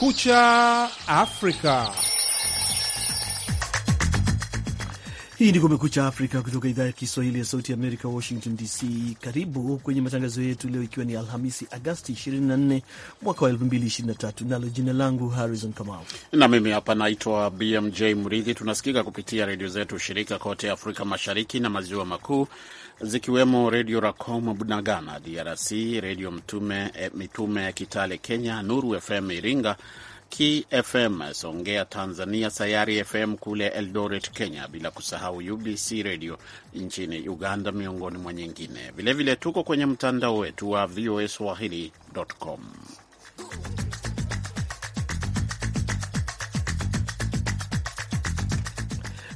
Kumekucha Afrika. Hii ni Kumekucha Afrika kutoka idhaa ya Kiswahili ya Sauti ya Amerika, Washington DC. Karibu kwenye matangazo yetu leo, ikiwa ni Alhamisi Agasti 24 mwaka wa 2023, nalo jina langu Harrison Kamau na mimi hapa naitwa BMJ Mridhi. Tunasikika kupitia redio zetu shirika kote Afrika Mashariki na Maziwa Makuu zikiwemo Redio Racom Bunagana DRC, Redio eh, Mitume ya Kitale Kenya, Nuru FM Iringa, KFM Songea Tanzania, Sayari FM kule Eldoret Kenya, bila kusahau UBC Radio nchini Uganda, miongoni mwa nyingine. Vilevile tuko kwenye mtandao wetu wa voa swahili.com.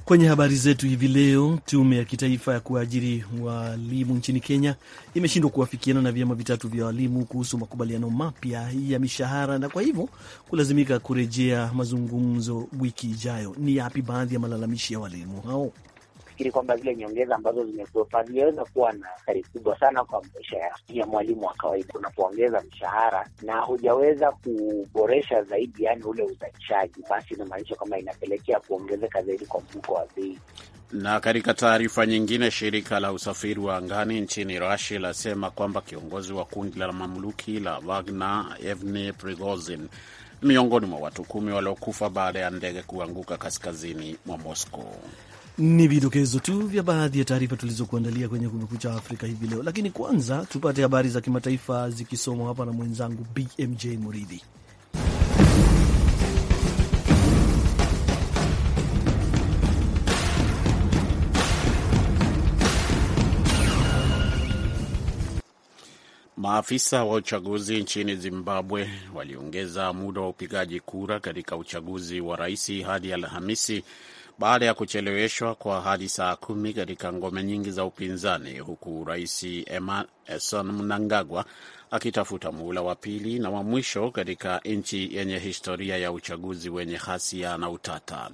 Kwenye habari zetu hivi leo, tume ya kitaifa ya kuajiri walimu nchini Kenya imeshindwa kuwafikiana na vyama vitatu vya walimu kuhusu makubaliano mapya ya mishahara na kwa hivyo kulazimika kurejea mazungumzo wiki ijayo. Ni yapi baadhi ya malalamishi ya walimu hao? nafikiri kwamba zile nyongeza ambazo zimekuwepa ziliweza kuwa na athari kubwa sana kwa maisha ya mwalimu wa kawaida. Unapoongeza mshahara na hujaweza kuboresha zaidi, yani ule uzalishaji, basi inamaanisha kwamba inapelekea kuongezeka zaidi kwa mfuko wa bei. Na katika taarifa nyingine, shirika la usafiri wa angani nchini Rusia lasema kwamba kiongozi wa kundi la mamluki la Wagner Evgeny Prigozhin miongoni mwa watu kumi waliokufa baada ya ndege kuanguka kaskazini mwa Moscow. Ni vidokezo tu vya baadhi ya taarifa tulizokuandalia kwenye Kumekucha Afrika hivi leo, lakini kwanza tupate habari za kimataifa zikisomwa hapa na mwenzangu BMJ Muridhi. Maafisa wa uchaguzi nchini Zimbabwe waliongeza muda wa upigaji kura katika uchaguzi wa rais hadi Alhamisi baada ya kucheleweshwa kwa hadi saa kumi katika ngome nyingi za upinzani, huku rais Emmerson Mnangagwa akitafuta muhula wa pili na wa mwisho katika nchi yenye historia ya uchaguzi wenye hasia na utata.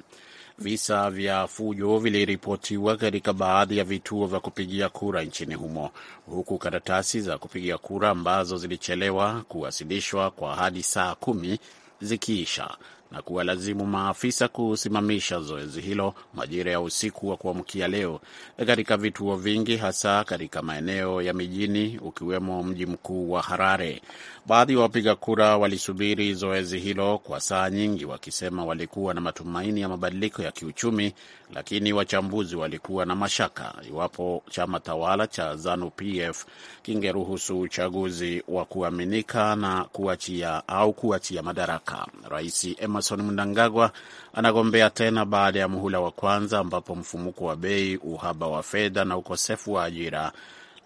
Visa vya fujo viliripotiwa katika baadhi ya vituo vya kupigia kura nchini humo, huku karatasi za kupigia kura ambazo zilichelewa kuwasilishwa kwa hadi saa kumi zikiisha na kuwalazimu maafisa kusimamisha zoezi hilo majira ya usiku wa kuamkia leo katika vituo vingi, hasa katika maeneo ya mijini ukiwemo mji mkuu wa Harare. Baadhi ya wapiga kura walisubiri zoezi hilo kwa saa nyingi, wakisema walikuwa na matumaini ya mabadiliko ya kiuchumi, lakini wachambuzi walikuwa na mashaka iwapo chama tawala cha ZANU PF kingeruhusu uchaguzi wa kuaminika na kuachia au kuachia madaraka Rais Emma Emerson Mnangagwa anagombea tena baada ya muhula wa kwanza, ambapo mfumuko wa bei, uhaba wa fedha na ukosefu wa ajira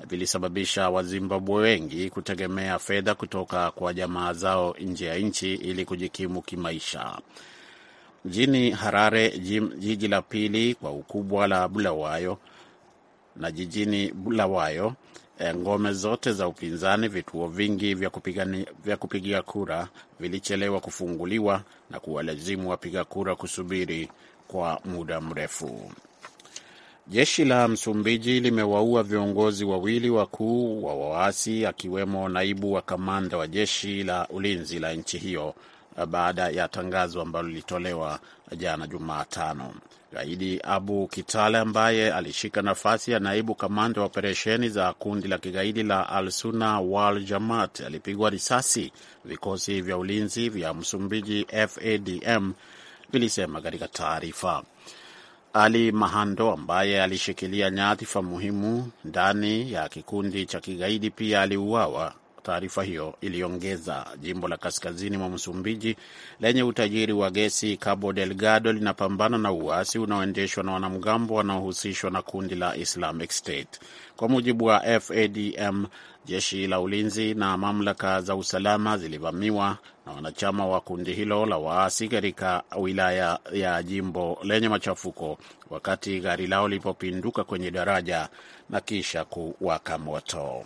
vilisababisha Wazimbabwe wengi kutegemea fedha kutoka kwa jamaa zao nje ya nchi ili kujikimu kimaisha. Mjini Harare, jiji la pili kwa ukubwa la Bulawayo na jijini Bulawayo Eh, ngome zote za upinzani, vituo vingi vya kupigani, vya kupigia kura vilichelewa kufunguliwa na kuwalazimu wapiga kura kusubiri kwa muda mrefu. Jeshi la Msumbiji limewaua viongozi wawili wakuu wa waasi akiwemo naibu wa kamanda wa jeshi la ulinzi la nchi hiyo baada ya tangazo ambalo lilitolewa jana Jumatano. Gaidi Abu Kitale ambaye alishika nafasi ya naibu kamanda wa operesheni za kundi la kigaidi la Al-Suna Wal Jamaat alipigwa risasi, vikosi vya ulinzi vya Msumbiji FADM vilisema katika taarifa. Ali Mahando ambaye alishikilia nyadhifa muhimu ndani ya kikundi cha kigaidi pia aliuawa Taarifa hiyo iliongeza, jimbo la kaskazini mwa Msumbiji lenye utajiri wa gesi, Cabo Delgado linapambana na uasi unaoendeshwa na wanamgambo wanaohusishwa na kundi la Islamic State. Kwa mujibu wa FADM, jeshi la ulinzi na mamlaka za usalama zilivamiwa na wanachama wa kundi hilo la waasi katika wilaya ya jimbo lenye machafuko, wakati gari lao lilipopinduka kwenye daraja na kisha kuwaka moto.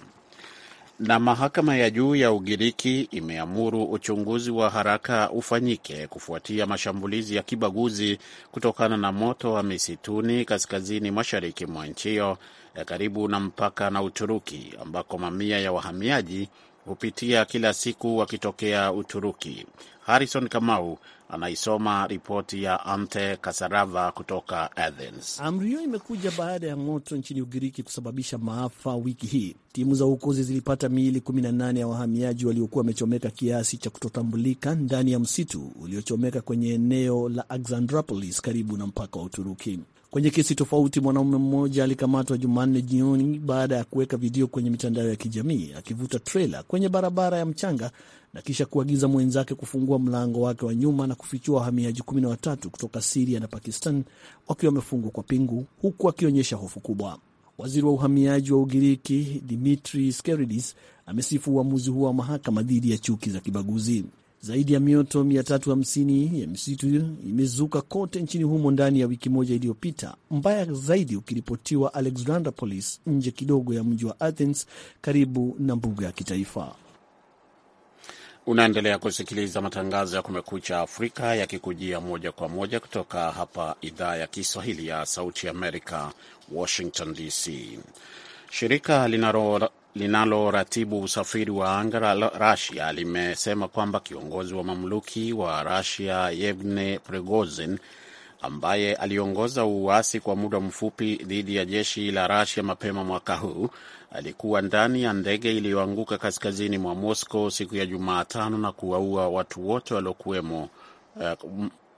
Na mahakama ya juu ya Ugiriki imeamuru uchunguzi wa haraka ufanyike kufuatia mashambulizi ya kibaguzi kutokana na moto wa misituni kaskazini mashariki mwa nchi hiyo karibu na mpaka na Uturuki ambako mamia ya wahamiaji hupitia kila siku wakitokea Uturuki. Harrison Kamau anaisoma ripoti ya Ante Kasarava kutoka Athens. Amri hiyo imekuja baada ya moto nchini Ugiriki kusababisha maafa wiki hii. Timu za uokozi zilipata miili 18 ya wahamiaji waliokuwa wamechomeka kiasi cha kutotambulika ndani ya msitu uliochomeka kwenye eneo la Alexandropolis karibu na mpaka wa Uturuki. Kwenye kesi tofauti, mwanaume mmoja alikamatwa Jumanne jioni baada ya kuweka video kwenye mitandao ya kijamii akivuta trela kwenye barabara ya mchanga na kisha kuagiza mwenzake kufungua mlango wake wa nyuma na kufichua wahamiaji kumi na watatu kutoka Siria na Pakistan wakiwa wamefungwa kwa pingu huku akionyesha hofu kubwa. Waziri wa uhamiaji wa Ugiriki Dimitri Skeridis amesifu uamuzi huo wa mahakama dhidi ya chuki za kibaguzi. Zaidi ya mioto 350 ya misitu imezuka kote nchini humo ndani ya wiki moja iliyopita, mbaya zaidi ukiripotiwa Alexandropolis, nje kidogo ya mji wa Athens karibu na mbuga ya kitaifa. Unaendelea kusikiliza matangazo ya Kumekucha Afrika yakikujia moja kwa moja kutoka hapa idhaa ya Kiswahili ya Sauti Amerika, Washington DC. Shirika linalo, linaloratibu usafiri wa anga la Rasia limesema kwamba kiongozi wa mamluki wa Rasia Yevgeny Prigozhin ambaye aliongoza uasi kwa muda mfupi dhidi ya jeshi la Rasia mapema mwaka huu alikuwa ndani ya ndege iliyoanguka kaskazini mwa Moscow siku ya Jumatano na kuwaua watu wote waliokuwemo eh,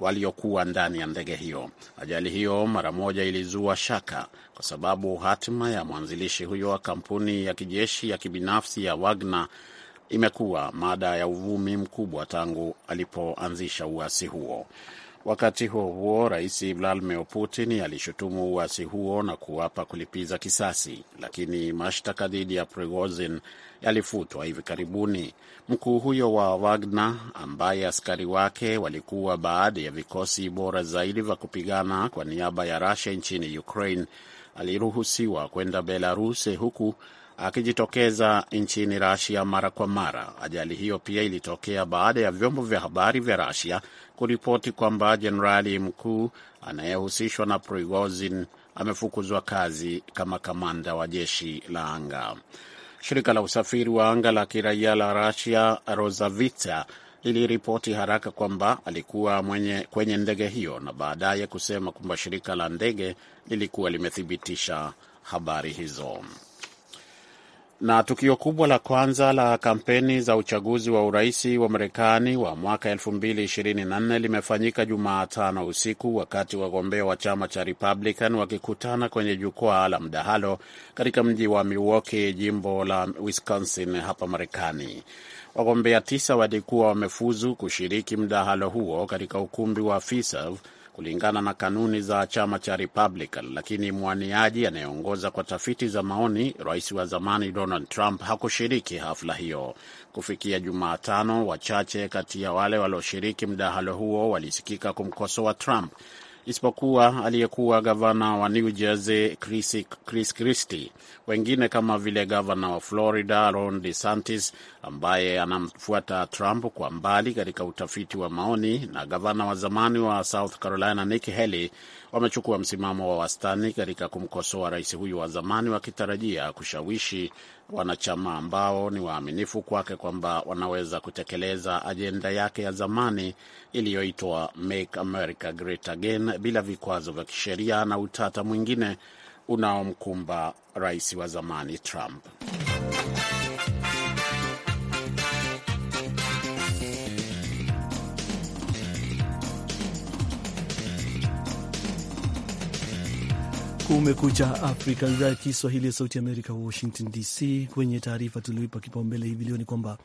waliokuwa ndani ya ndege hiyo. Ajali hiyo mara moja ilizua shaka kwa sababu hatima ya mwanzilishi huyo wa kampuni ya kijeshi ya kibinafsi ya Wagner imekuwa mada ya uvumi mkubwa tangu alipoanzisha uasi huo. Wakati huo huo, rais Vladimir Putin alishutumu uasi huo na kuapa kulipiza kisasi, lakini mashtaka dhidi ya Prigozhin yalifutwa hivi karibuni. Mkuu huyo wa Wagner, ambaye askari wake walikuwa baadhi ya vikosi bora zaidi vya kupigana kwa niaba ya Russia nchini Ukraine, aliruhusiwa kwenda Belarus huku akijitokeza nchini Rasia mara kwa mara. Ajali hiyo pia ilitokea baada ya vyombo vya habari vya Rasia kuripoti kwamba jenerali mkuu anayehusishwa na Prigozhin amefukuzwa kazi kama kamanda wa jeshi la anga. Shirika la usafiri wa anga la kiraia la Rasia Rosavita liliripoti haraka kwamba alikuwa mwenye kwenye ndege hiyo na baadaye kusema kwamba shirika la ndege lilikuwa limethibitisha habari hizo. Na tukio kubwa la kwanza la kampeni za uchaguzi wa urais wa Marekani wa mwaka 2024 limefanyika Jumatano usiku wakati wagombea wa chama cha Republican wakikutana kwenye jukwaa la mdahalo katika mji wa Milwaukee, jimbo la Wisconsin hapa Marekani. Wagombea tisa walikuwa wamefuzu kushiriki mdahalo huo katika ukumbi wa Fiserv kulingana na kanuni za chama cha Republican, lakini mwaniaji anayeongoza kwa tafiti za maoni, rais wa zamani Donald Trump hakushiriki hafla hiyo. Kufikia Jumatano, wachache kati ya wale walioshiriki mdahalo huo walisikika kumkosoa wa Trump isipokuwa aliyekuwa gavana wa New Jersey Chris, Chris Christie. Wengine kama vile gavana wa Florida Ron DeSantis ambaye anamfuata Trump kwa mbali katika utafiti wa maoni na gavana wa zamani wa South Carolina Nikki Haley wamechukua msimamo wa wastani katika kumkosoa rais huyu wa zamani wakitarajia kushawishi wanachama ambao ni waaminifu kwake kwamba wanaweza kutekeleza ajenda yake ya zamani iliyoitwa Make America Great Again bila vikwazo vya kisheria na utata mwingine unaomkumba rais wa zamani Trump. Kumekucha Afrika, idhaa ya Kiswahili ya Sauti Amerika, Washington DC. Kwenye taarifa tulioipa kipaumbele hivi leo ni kwamba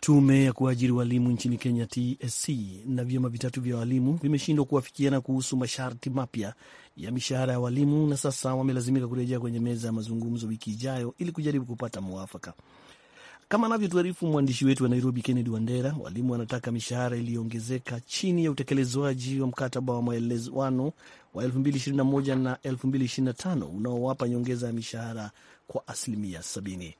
tume ya kuajiri walimu nchini Kenya, TSC, na vyama vitatu vya walimu vimeshindwa kuafikiana kuhusu masharti mapya ya mishahara ya walimu, na sasa wamelazimika kurejea kwenye meza ya mazungumzo wiki ijayo ili kujaribu kupata mwafaka. Kama anavyotuarifu mwandishi wetu wa Nairobi, Kennedy Wandera, walimu wanataka mishahara iliyoongezeka chini ya utekelezwaji wa mkataba wa maelewano wa 2021 na 2025 unaowapa nyongeza ya mishahara kwa asilimia 70.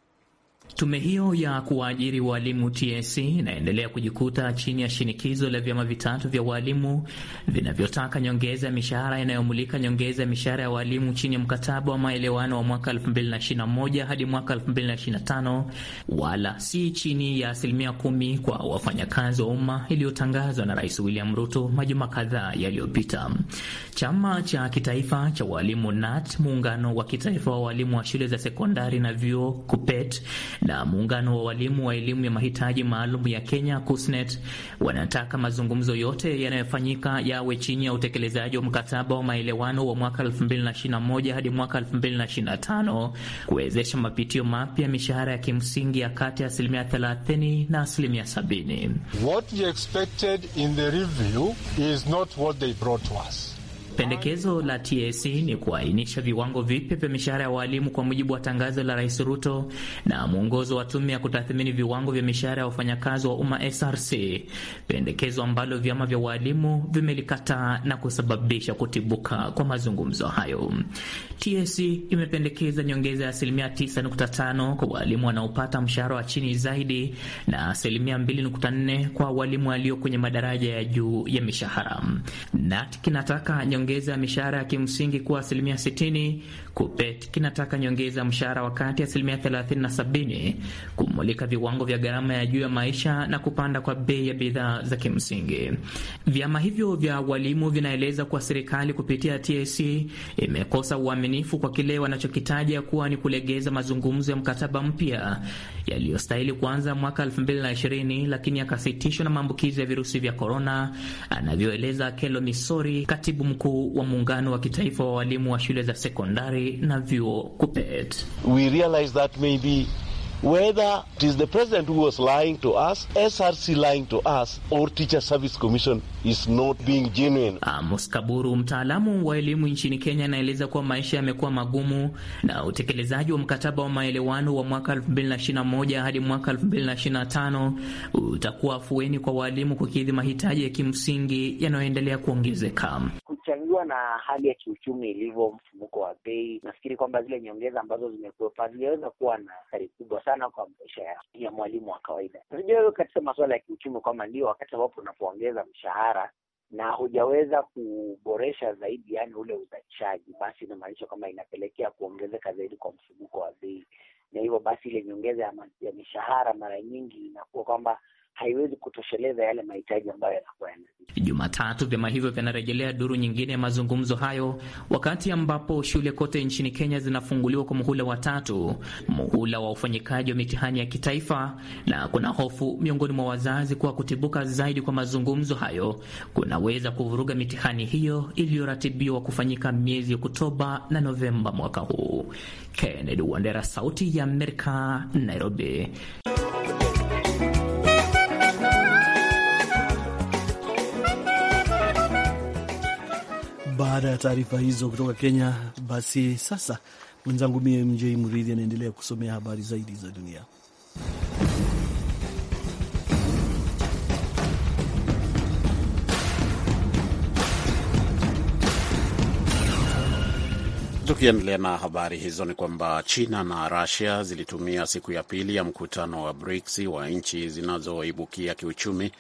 Tume hiyo ya kuwaajiri waalimu TSC inaendelea kujikuta chini ya shinikizo la vyama vitatu vya waalimu vinavyotaka nyongeza ya mishahara inayomulika nyongeza ya mishahara ya waalimu chini ya mkataba wa maelewano wa mwaka 2021 hadi mwaka 2025, wala si chini ya asilimia kumi kwa wafanyakazi wa umma iliyotangazwa na Rais William Ruto majuma kadhaa yaliyopita. Chama cha kitaifa cha waalimu NAT, muungano wa kitaifa wa waalimu wa shule za sekondari na vyuo KUPET na muungano wa walimu wa elimu ya mahitaji maalum ya Kenya KUSNET wanataka mazungumzo yote yanayofanyika yawe chini ya utekelezaji wa mkataba wa maelewano wa mwaka 2021 hadi mwaka 2025 kuwezesha mapitio mapya ya mishahara ya kimsingi ya kati ya asilimia 30 na asilimia 70. What we expected in the review is not what they brought to us. Pendekezo la TSC ni kuainisha viwango vipya vya mishahara ya waalimu kwa mujibu wa tangazo la Rais Ruto na mwongozo wa tume ya kutathmini viwango vya mishahara ya wafanyakazi wa umma SRC, pendekezo ambalo vyama vya waalimu vimelikataa na kusababisha kutibuka kwa mazungumzo hayo. TSC imependekeza nyongeza ya asilimia 9.5 kwa waalimu wanaopata mshahara wa chini zaidi na asilimia 2.4 kwa walimu walio kwenye madaraja ya juu ya mishahara. NAT kinataka nyongeza kuongeza mishahara ya kimsingi kuwa asilimia 60 kinataka nyongeza mshahara wa kati ya asilimia 30 na 70, kumulika viwango vya gharama ya juu ya maisha na kupanda kwa bei ya bidhaa za kimsingi. Vyama hivyo vya walimu vinaeleza kuwa serikali kupitia TSC imekosa uaminifu kwa kile wanachokitaja kuwa ni kulegeza mazungumzo ya mkataba mpya yaliyostahili kuanza mwaka 2020 lakini yakasitishwa na maambukizi ya virusi vya korona, anavyoeleza Kelo Misori, katibu mkuu wa muungano wa kitaifa wa walimu wa shule za sekondari na vyuo KUPPET. We realize that maybe whether it is the president who was lying to us, SRC lying to us, or Teacher Service Commission is not being genuine. Amos Kaburu, mtaalamu wa elimu nchini Kenya, anaeleza kuwa maisha yamekuwa magumu na utekelezaji wa mkataba wa maelewano wa mwaka 2021 hadi mwaka 2025 utakuwa afueni kwa waalimu kukidhi mahitaji ya kimsingi yanayoendelea kuongezeka kukiwa na hali ya kiuchumi ilivyo, mfumuko wa bei, nafikiri kwamba zile nyongeza ambazo zimekuwepo hazijaweza kuwa na athari kubwa sana kwa maisha ya, ya mwalimu wa kawaida. Sijaweza katika masuala ya kiuchumi kwamba ndio wakati ambapo unapoongeza mshahara na hujaweza kuboresha zaidi, yani ule uzalishaji, basi inamaanisha kwamba inapelekea kuongezeka zaidi kwa mfumuko wa bei, na hivyo basi ile nyongeza ya, ya mishahara mara nyingi inakuwa kwamba haiwezi kutosheleza yale mahitaji ambayo yanakuwa Jumatatu vyama hivyo vinarejelea duru nyingine ya mazungumzo hayo, wakati ambapo shule kote nchini Kenya zinafunguliwa kwa muhula wa tatu, muhula wa ufanyikaji wa mitihani ya kitaifa, na kuna hofu miongoni mwa wazazi kuwa kutibuka zaidi kwa mazungumzo hayo kunaweza kuvuruga mitihani hiyo iliyoratibiwa kufanyika miezi Oktoba na Novemba mwaka huu. Kennedy Wandera, Sauti ya Amerika, Nairobi. baada ya taarifa hizo kutoka Kenya. Basi sasa mwenzangu BMJ Mridhi anaendelea kusomea habari zaidi za dunia. Tukiendelea na habari hizo ni kwamba China na Russia zilitumia siku ya pili ya mkutano wa BRICS wa nchi zinazoibukia kiuchumi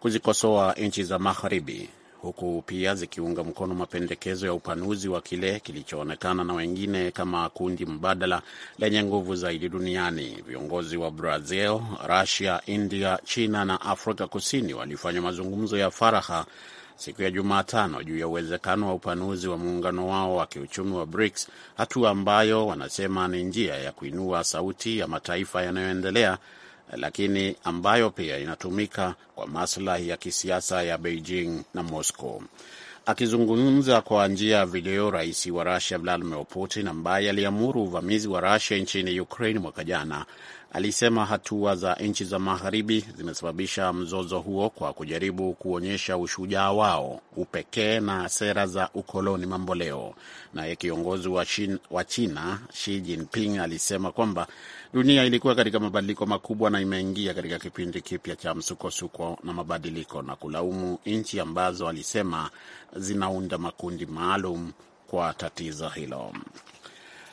kuzikosoa nchi za magharibi huku pia zikiunga mkono mapendekezo ya upanuzi wa kile kilichoonekana na wengine kama kundi mbadala lenye nguvu zaidi duniani. Viongozi wa Brazil, Russia, India, China na Afrika Kusini walifanya mazungumzo ya faraha siku ya Jumatano juu ya uwezekano wa upanuzi wa muungano wao wa kiuchumi wa BRICS, hatua ambayo wanasema ni njia ya kuinua sauti ya mataifa yanayoendelea lakini ambayo pia inatumika kwa maslahi ya kisiasa ya Beijing na Moscow. Akizungumza kwa njia ya video, rais wa Rusia Vladimir Putin ambaye aliamuru uvamizi wa Rusia nchini Ukraine mwaka jana alisema hatua za nchi za magharibi zimesababisha mzozo huo kwa kujaribu kuonyesha ushujaa wao, upekee na sera za ukoloni mamboleo. Naye kiongozi wa, wa China Xi Jinping alisema kwamba dunia ilikuwa katika mabadiliko makubwa na imeingia katika kipindi kipya cha msukosuko na mabadiliko, na kulaumu nchi ambazo alisema zinaunda makundi maalum kwa tatizo hilo.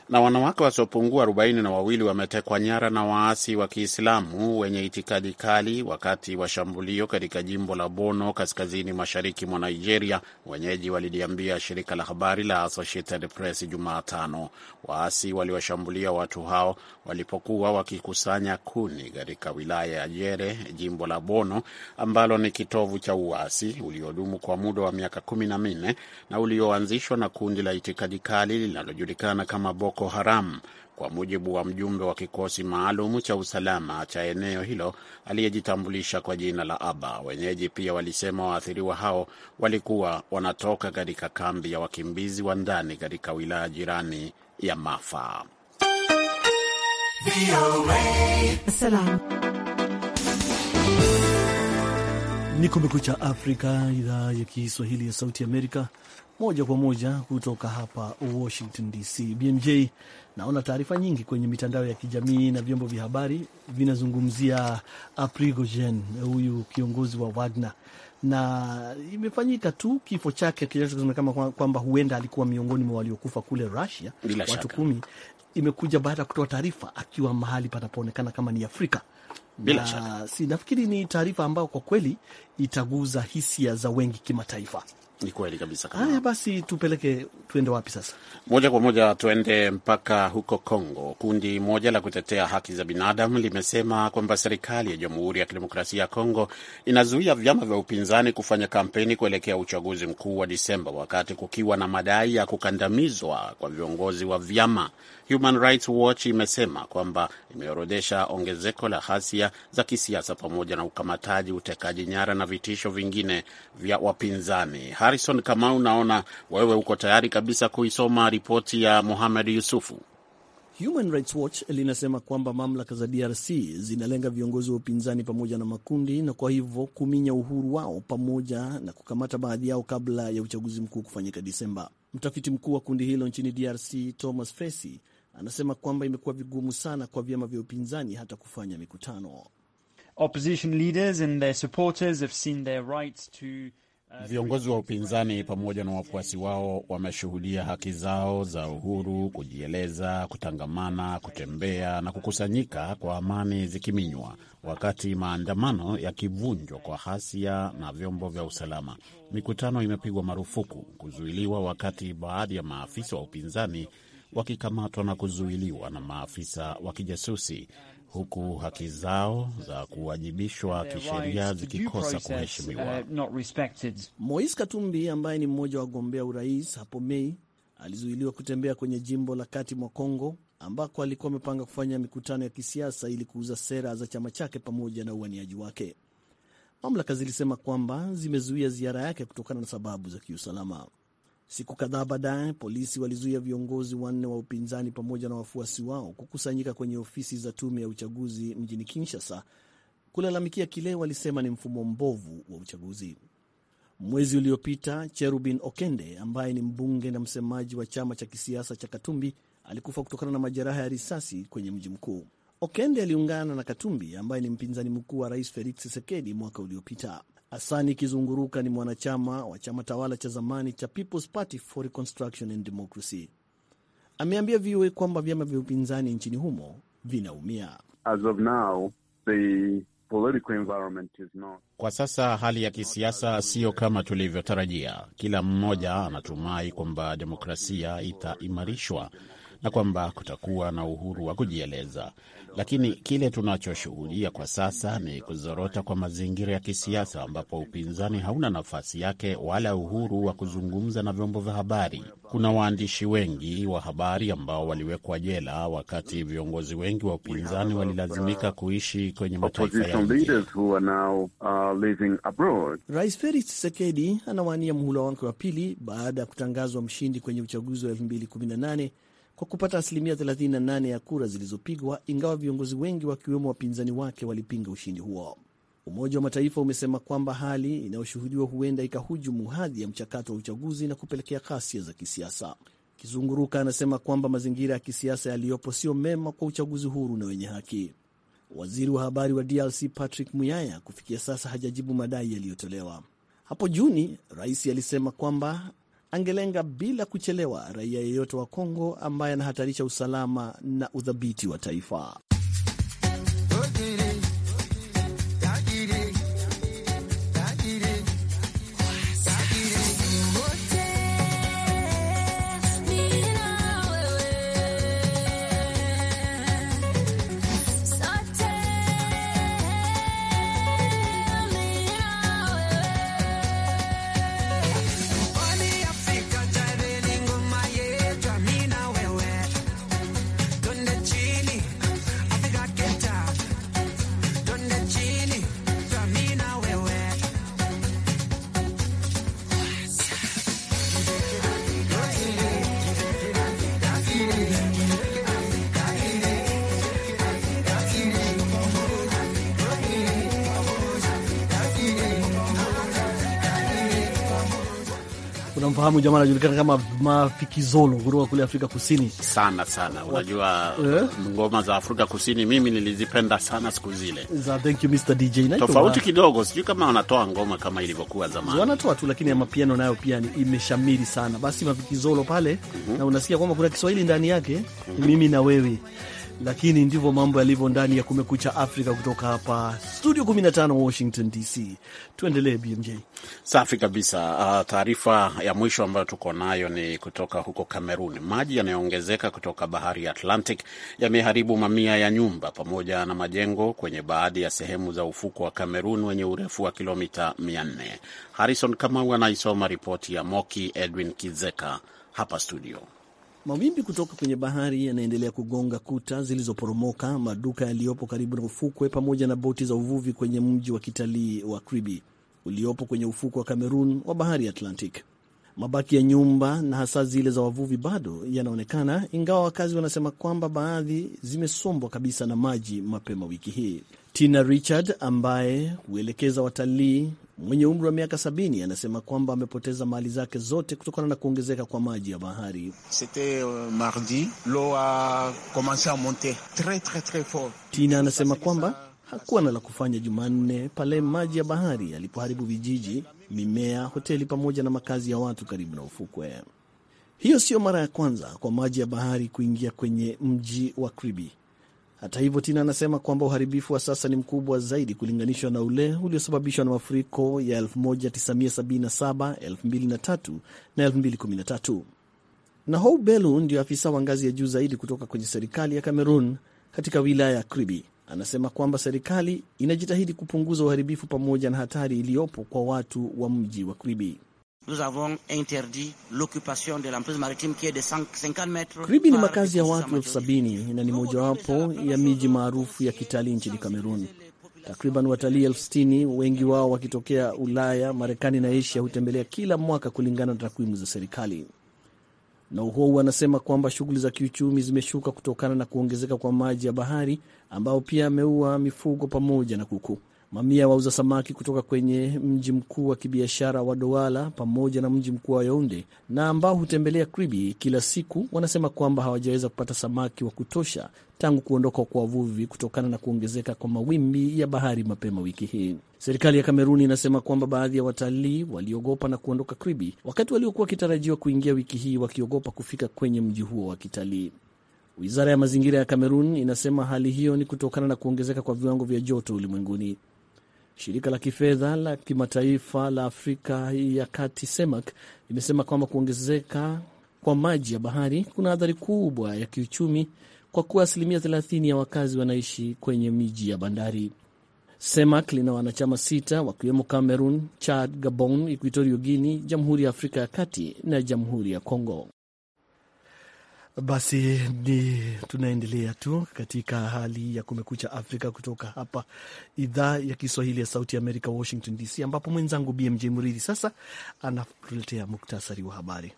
Na wanawake wasiopungua arobaini na wawili wametekwa nyara na waasi wa Kiislamu wenye itikadi kali wakati wa shambulio katika jimbo la bono kaskazini mashariki mwa Nigeria, wenyeji waliliambia shirika la habari la Associated Press Jumatano. Waasi waliwashambulia watu hao walipokuwa wakikusanya kuni katika wilaya ya Jere, jimbo la bono ambalo ni kitovu cha uasi uliodumu kwa muda wa miaka kumi na minne na ulioanzishwa na kundi la itikadi kali linalojulikana kama Boko Boko Haram, kwa mujibu wa mjumbe wa kikosi maalum cha usalama cha eneo hilo aliyejitambulisha kwa jina la Aba. Wenyeji pia walisema waathiriwa hao walikuwa wanatoka katika kambi ya wakimbizi wa ndani katika wilaya jirani ya Mafa. Ni Kumekucha Afrika, idhaa ya Kiswahili ya Sauti Amerika moja kwa moja kutoka hapa Washington DC. BMJ, naona taarifa nyingi kwenye mitandao ya kijamii na vyombo vya habari vinazungumzia aprigojen huyu kiongozi wa Wagner, na imefanyika tu kifo chake kinachosemekana kwamba huenda alikuwa miongoni mwa waliokufa kule Russia, watu kumi. Imekuja baada ya kutoa taarifa akiwa mahali panapoonekana kama ni Afrika. Bila shaka, si nafikiri ni taarifa ambayo kwa kweli itaguza hisia za wengi kimataifa. Ni kweli kabisa. Haya basi, tupeleke tuende wapi sasa? Moja kwa moja tuende mpaka huko Kongo. Kundi moja la kutetea haki za binadamu limesema kwamba serikali ya Jamhuri ya Kidemokrasia ya Kongo inazuia vyama vya upinzani kufanya kampeni kuelekea uchaguzi mkuu wa Disemba, wakati kukiwa na madai ya kukandamizwa kwa viongozi wa vyama. Human Rights Watch imesema kwamba imeorodhesha ongezeko la ghasia za kisiasa pamoja na ukamataji, utekaji nyara na vitisho vingine vya wapinzani. Harrison Kamau, naona wewe uko tayari kabisa kuisoma ripoti ya Mohamed Yusufu. Human Rights Watch linasema kwamba mamlaka za DRC zinalenga viongozi wa upinzani pamoja na makundi na kwa hivyo kuminya uhuru wao pamoja na kukamata baadhi yao kabla ya uchaguzi mkuu kufanyika Disemba. Mtafiti mkuu wa kundi hilo nchini DRC Thomas Fesi anasema kwamba imekuwa vigumu sana kwa vyama vya upinzani hata kufanya mikutano. Opposition leaders and their supporters have seen their rights to uh, Viongozi wa upinzani pamoja na wafuasi wao wameshuhudia haki zao za uhuru, kujieleza, kutangamana, kutembea na kukusanyika kwa amani zikiminywa, wakati maandamano yakivunjwa kwa hasia na vyombo vya usalama. Mikutano imepigwa marufuku, kuzuiliwa, wakati baadhi ya maafisa wa upinzani wakikamatwa na kuzuiliwa na maafisa wa kijasusi huku haki zao za kuwajibishwa kisheria zikikosa kuheshimiwa. Uh, mois Katumbi ambaye ni mmoja wa wagombea urais hapo Mei alizuiliwa kutembea kwenye jimbo la kati mwa Kongo ambako alikuwa amepanga kufanya mikutano ya kisiasa ili kuuza sera za chama chake pamoja na uaniaji wake. Mamlaka zilisema kwamba zimezuia ziara yake kutokana na sababu za kiusalama. Siku kadhaa baadaye, polisi walizuia viongozi wanne wa upinzani pamoja na wafuasi wao kukusanyika kwenye ofisi za tume ya uchaguzi mjini Kinshasa kulalamikia kile walisema ni mfumo mbovu wa uchaguzi. Mwezi uliopita Cherubin Okende ambaye ni mbunge na msemaji wa chama cha kisiasa cha Katumbi alikufa kutokana na majeraha ya risasi kwenye mji mkuu. Okende aliungana na Katumbi ambaye ni mpinzani mkuu wa rais Felix Tshisekedi mwaka uliopita. Asani Kizunguruka ni mwanachama wa chama tawala cha zamani cha People's Party for Reconstruction and Democracy. Ameambia VOA kwamba vyama vya upinzani nchini humo vinaumia. As of now, the political environment is not... Kwa sasa hali ya kisiasa siyo kama tulivyotarajia. Kila mmoja anatumai kwamba demokrasia itaimarishwa na kwamba kutakuwa na uhuru wa kujieleza. Lakini kile tunachoshuhudia kwa sasa ni kuzorota kwa mazingira ya kisiasa ambapo upinzani hauna nafasi yake wala uhuru wa kuzungumza na vyombo vya habari. Kuna waandishi wengi wa habari ambao waliwekwa jela, wakati viongozi wengi wa upinzani walilazimika kuishi kwenye mataifa ya nje. Uh, Rais Felix Tshisekedi anawania muhula wake wa pili baada ya kutangazwa mshindi kwenye uchaguzi wa 2018 kwa kupata asilimia 38 ya kura zilizopigwa, ingawa viongozi wengi wakiwemo wapinzani wake walipinga ushindi huo. Umoja wa Mataifa umesema kwamba hali inayoshuhudiwa huenda ikahujumu hadhi ya mchakato wa uchaguzi na kupelekea ghasia za kisiasa. Kizunguruka anasema kwamba mazingira ya kisiasa yaliyopo sio mema kwa uchaguzi huru na wenye haki. Waziri wa habari wa DRC Patrick Muyaya kufikia sasa hajajibu madai yaliyotolewa. Hapo Juni rais alisema kwamba angelenga bila kuchelewa raia yeyote wa Kongo ambaye anahatarisha usalama na udhabiti wa taifa. Unamfahamu jamaa anajulikana kama Mafikizolo kutoka kule Afrika Kusini. Sana sana, unajua eh? ngoma za Afrika Kusini mimi nilizipenda sana siku zile za Thank You Mr DJ. Na tofauti kidogo, sijui kama wanatoa ngoma kama ilivyokuwa zamani, wanatoa tu, lakini amapiano mapiano nayo pia imeshamiri sana. Basi Mafikizolo pale mm -hmm. na unasikia kwamba kuna Kiswahili ndani yake mm -hmm. mimi na wewe lakini ndivyo mambo yalivyo ndani ya Kumekucha Afrika kutoka hapa studio 15 Washington DC. Tuendelee BMJ. Safi kabisa. Uh, taarifa ya mwisho ambayo tuko nayo ni kutoka huko cameroon Maji yanayoongezeka kutoka bahari ya Atlantic yameharibu mamia ya nyumba pamoja na majengo kwenye baadhi ya sehemu za ufuko wa cameron wenye urefu wa kilomita 400. Harrison Kamau anaisoma ripoti ya Moki Edwin Kizeka hapa studio. Mawimbi kutoka kwenye bahari yanaendelea kugonga kuta zilizoporomoka, maduka yaliyopo karibu na ufukwe, pamoja na boti za uvuvi kwenye mji wa kitalii wa Kribi uliopo kwenye ufukwe wa Cameroon wa bahari ya Atlantic. Mabaki ya nyumba na hasa zile za wavuvi bado yanaonekana, ingawa wakazi wanasema kwamba baadhi zimesombwa kabisa na maji mapema wiki hii. Tina Richard ambaye huelekeza watalii mwenye umri wa miaka sabini anasema kwamba amepoteza mali zake zote kutokana na kuongezeka kwa maji ya bahari. Euh, Tina anasema kwamba hakuwa na la kufanya Jumanne pale maji ya bahari yalipoharibu vijiji, mimea, hoteli pamoja na makazi ya watu karibu na ufukwe. Hiyo siyo mara ya kwanza kwa maji ya bahari kuingia kwenye mji wa Kribi. Hata hivyo, Tina anasema kwamba uharibifu wa sasa ni mkubwa zaidi kulinganishwa na ule uliosababishwa na mafuriko ya 1977, 2003 na 2013. Nahou Belu ndio afisa wa ngazi ya juu zaidi kutoka kwenye serikali ya Cameroon katika wilaya ya Kribi anasema kwamba serikali inajitahidi kupunguza uharibifu pamoja na hatari iliyopo kwa watu wa mji wa Kribi nous avons interdit l'occupation de l'emprise maritime qui est de 50 mètres. Kribi ni makazi ya watu elfu sabini na ni mojawapo ya miji maarufu ya kitalii nchini Kamerun. Takriban watalii elfu sitini wengi wao wakitokea Ulaya, Marekani na Asia hutembelea kila mwaka kulingana na takwimu za serikali. Na anasema kwamba shughuli za kiuchumi zimeshuka kutokana na kuongezeka kwa maji ya bahari ambayo pia ameua mifugo pamoja na kuku. Mamia wauza samaki kutoka kwenye mji mkuu wa kibiashara wa Douala pamoja na mji mkuu wa Yaounde na ambao hutembelea Kribi kila siku wanasema kwamba hawajaweza kupata samaki wa kutosha tangu kuondoka kwa wavuvi kutokana na kuongezeka kwa mawimbi ya bahari mapema wiki hii. Serikali ya Kameruni inasema kwamba baadhi ya watalii waliogopa na kuondoka Kribi wakati waliokuwa wakitarajiwa kuingia wiki hii wakiogopa kufika kwenye mji huo wa kitalii. Wizara ya mazingira ya Kamerun inasema hali hiyo ni kutokana na kuongezeka kwa viwango vya joto ulimwenguni. Shirika la kifedha la kimataifa la Afrika ya Kati CEMAC limesema kwamba kuongezeka kwa maji ya bahari kuna athari kubwa ya kiuchumi kwa kuwa asilimia 30 ya wakazi wanaishi kwenye miji ya bandari. CEMAC lina wanachama sita wakiwemo Cameroon, Chad, Gabon, Equatorio Guini, Jamhuri ya Afrika ya Kati na Jamhuri ya Congo. Basi ni tunaendelea tu katika hali ya Kumekucha Afrika kutoka hapa idhaa ya Kiswahili ya Sauti Amerika, Washington DC, ambapo mwenzangu BMJ mridhi sasa anatuletea muktasari wa habari.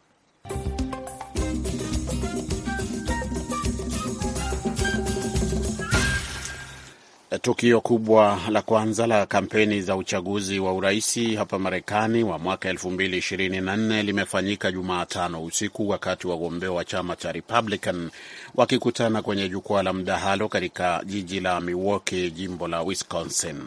Eh, tukio kubwa la kwanza la kampeni za uchaguzi wa uraisi hapa Marekani wa mwaka 2024 limefanyika Jumatano usiku wakati wagombea wa chama cha Republican wakikutana kwenye jukwaa la mdahalo katika jiji la Milwaukee, jimbo la Wisconsin.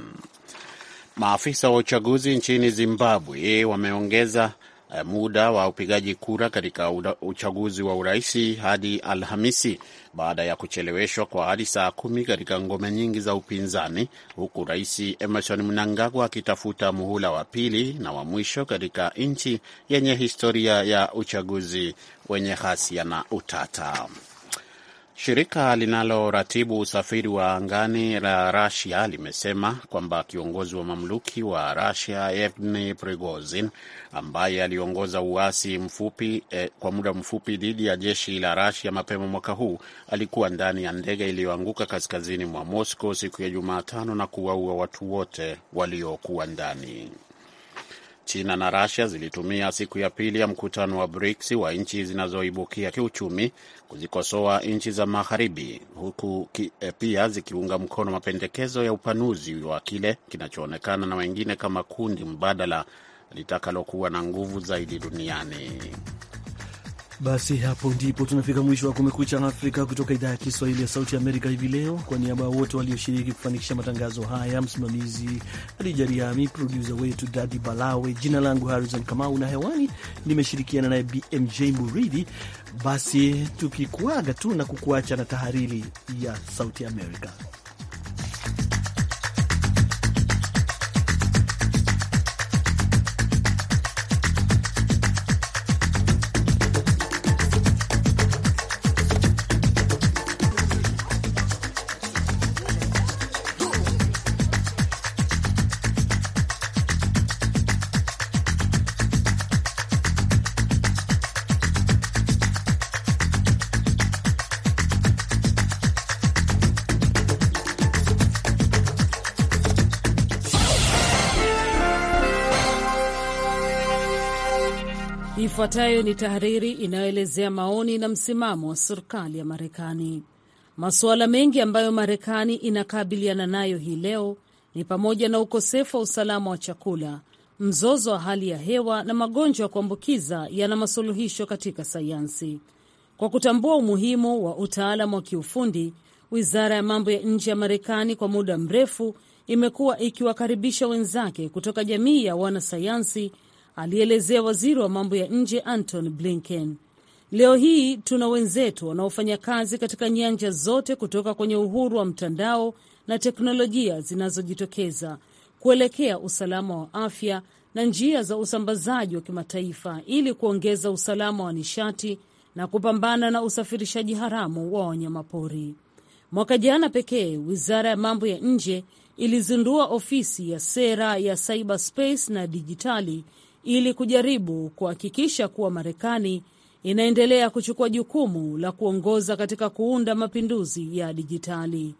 Maafisa wa uchaguzi nchini Zimbabwe wameongeza Eh, muda wa upigaji kura katika uchaguzi wa uraisi hadi Alhamisi baada ya kucheleweshwa kwa hadi saa kumi katika ngome nyingi za upinzani, huku rais Emerson Mnangagwa akitafuta muhula wa pili na wa mwisho katika nchi yenye historia ya uchaguzi wenye ghasia na utata. Shirika linaloratibu usafiri wa angani la Rasia limesema kwamba kiongozi wa mamluki wa Rasia Yevgeny Prigozhin ambaye aliongoza uasi mfupi eh, kwa muda mfupi dhidi ya jeshi la Rasia mapema mwaka huu alikuwa ndani ya ndege iliyoanguka kaskazini mwa Moscow siku ya Jumatano na kuwaua watu wote waliokuwa ndani. China na Russia zilitumia siku ya pili ya mkutano wa BRICS wa nchi zinazoibukia kiuchumi kuzikosoa nchi za Magharibi, huku eh, pia zikiunga mkono mapendekezo ya upanuzi wa kile kinachoonekana na wengine kama kundi mbadala litakalokuwa na nguvu zaidi duniani. Basi hapo ndipo tunafika mwisho wa Kumekucha Afrika kutoka idhaa ya Kiswahili ya Sauti Amerika hivi leo. Kwa niaba ya wote walioshiriki kufanikisha matangazo haya, msimamizi Adija Riami, produsa wetu Dadi Balawe, jina langu Harrison Kamau na hewani nimeshirikiana naye BMJ Muridi. Basi tukikuaga tu na kukuacha na tahariri ya Sauti Amerika. Ifuatayo ni tahariri inayoelezea maoni na msimamo wa serikali ya Marekani. Masuala mengi ambayo Marekani inakabiliana nayo hii leo ni pamoja na ukosefu wa usalama wa chakula, mzozo wa hali ya hewa na magonjwa ya kuambukiza yana masuluhisho katika sayansi. Kwa kutambua umuhimu wa utaalam wa kiufundi, wizara ya mambo ya nje ya Marekani kwa muda mrefu imekuwa ikiwakaribisha wenzake kutoka jamii ya wanasayansi alielezea waziri wa mambo ya nje Anton Blinken. Leo hii tuna wenzetu wanaofanya kazi katika nyanja zote, kutoka kwenye uhuru wa mtandao na teknolojia zinazojitokeza kuelekea usalama wa afya na njia za usambazaji wa kimataifa, ili kuongeza usalama wa nishati na kupambana na usafirishaji haramu wa wanyamapori. Mwaka jana pekee, wizara ya mambo ya nje ilizindua ofisi ya sera ya cyberspace na dijitali ili kujaribu kuhakikisha kuwa Marekani inaendelea kuchukua jukumu la kuongoza katika kuunda mapinduzi ya dijitali.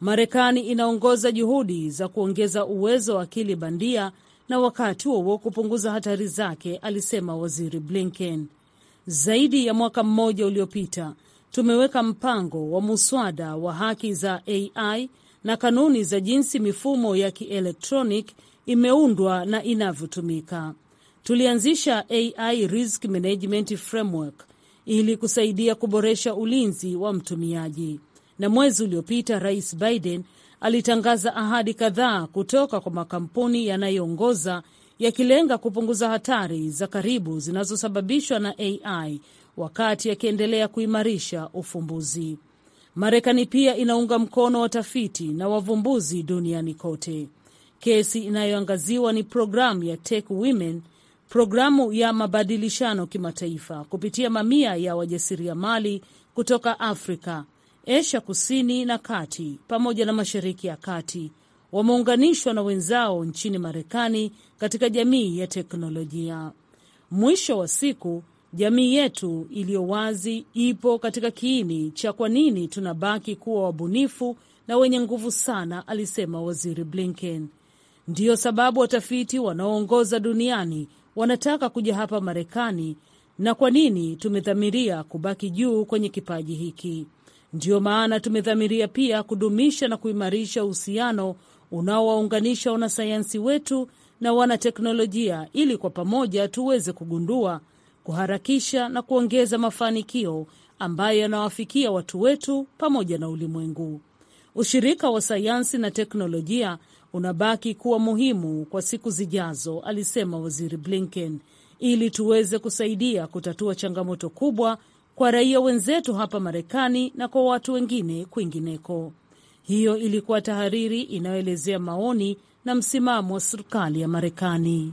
Marekani inaongoza juhudi za kuongeza uwezo wa akili bandia na wakati huo kupunguza hatari zake, alisema Waziri Blinken. Zaidi ya mwaka mmoja uliopita, tumeweka mpango wa muswada wa haki za AI na kanuni za jinsi mifumo ya kielektronik imeundwa na inavyotumika. Tulianzisha AI Risk Management Framework ili kusaidia kuboresha ulinzi wa mtumiaji. Na mwezi uliopita, Rais Biden alitangaza ahadi kadhaa kutoka kwa makampuni yanayoongoza yakilenga kupunguza hatari za karibu zinazosababishwa na AI wakati yakiendelea kuimarisha ufumbuzi. Marekani pia inaunga mkono watafiti na wavumbuzi duniani kote. Kesi inayoangaziwa ni programu ya Tech Women programu ya mabadilishano kimataifa kupitia mamia ya wajasiriamali kutoka Afrika, Asia kusini na kati pamoja na mashariki ya kati wameunganishwa na wenzao nchini Marekani katika jamii ya teknolojia. Mwisho wa siku, jamii yetu iliyo wazi ipo katika kiini cha kwa nini tunabaki kuwa wabunifu na wenye nguvu sana, alisema Waziri Blinken. Ndiyo sababu watafiti wanaoongoza duniani wanataka kuja hapa Marekani na kwa nini tumedhamiria kubaki juu kwenye kipaji hiki. Ndiyo maana tumedhamiria pia kudumisha na kuimarisha uhusiano unaowaunganisha wanasayansi wetu na wanateknolojia ili kwa pamoja tuweze kugundua, kuharakisha na kuongeza mafanikio ambayo yanawafikia watu wetu pamoja na ulimwengu. Ushirika wa sayansi na teknolojia unabaki kuwa muhimu kwa siku zijazo, alisema Waziri Blinken, ili tuweze kusaidia kutatua changamoto kubwa kwa raia wenzetu hapa Marekani na kwa watu wengine kwingineko. Hiyo ilikuwa tahariri inayoelezea maoni na msimamo wa serikali ya Marekani.